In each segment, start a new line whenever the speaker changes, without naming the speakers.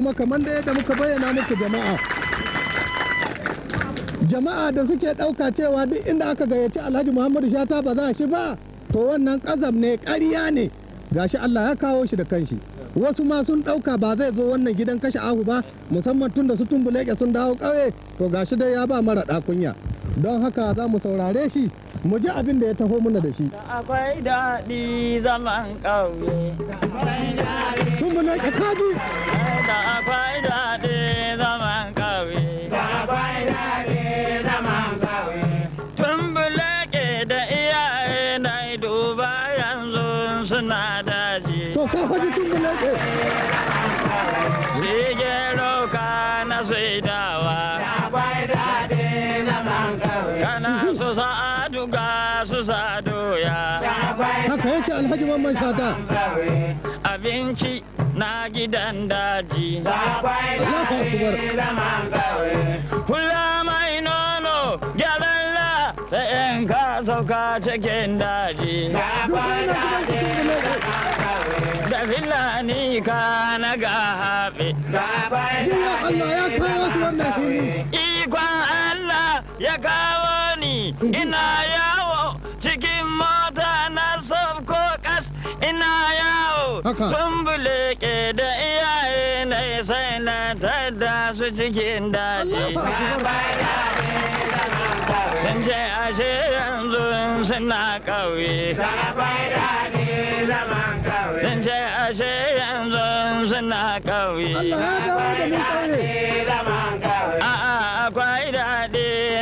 kuma kamar da yadda muka bayyana muku jama'a jama'a da suke ɗauka cewa duk inda aka gayyaci alhaji muhammadu shata ba za shi ba to wannan ƙazam ne ƙarya ne gashi allah ya kawo shi da kanshi wasu ma sun ɗauka ba zai zo wannan gidan kashe ahu ba musamman tun da su tumbuleke sun dawo ƙauye to gashi dai ya ba mara ɗakunya don haka za mu saurare shi mu ji abin da ya taho muna da shi akwai daɗi zaman ƙauye tun muna ka kaji da akwai daɗi zaman ƙauye
da akwai daɗi zaman
ƙauye tun bulake da iyaye na duba yanzu suna daji to ka faɗi tun bulake shige roka na saidawa da akwai daɗi zaman ƙauye kana so sa'a buga su sa doya. Haka yake alhaji mamman shata. Abinci na gidan daji. Kula mai nono la. sai in ka sauka cikin daji. Da filani ka na ga haɓe. Allah ya kawo su wannan fili. Ikon Allah ya kawo ina yawo cikin mota na sabko kas ina yawo tumbule ke da iyaye na sai na tada su cikin daji sun ce ashe yanzu suna ƙauye sun ce ashe yanzu suna ƙauye a'a akwai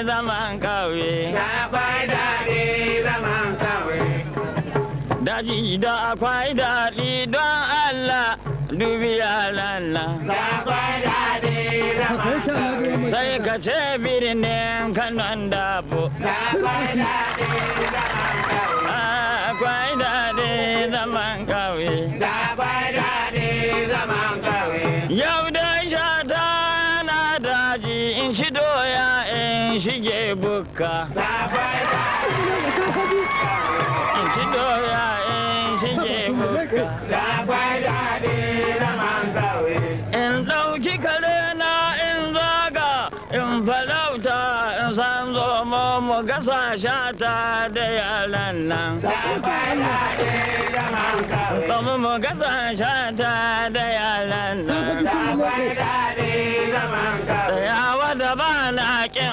daɗe zaman kauye. Akwai daɗe zaman kauye. Daji da akwai daɗi don Allah dubiya lalla. nan. Akwai daɗi zaman Sai ka ce birnin kanon dabo. Akwai daɗi zaman kauye. Akwai daɗi zaman kawe. in shige buka in ci doya in shige buka in ɗauki kare na in zaga in falauta in san zomo mu gasa shata da yaran nan tsamu mu gasa shata da yaran nan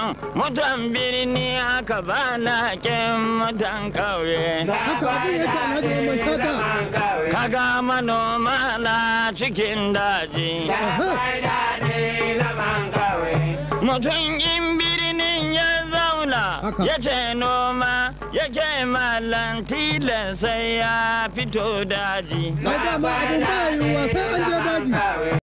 san mutan birni haka ba na kin mutan ƙauye. Kaga manoma na cikin daji. Mutum in birnin ya zauna ya ce noma ya ce malam tilan sai ya fito daji. Ai dama abin ba yiwuwa an je daji.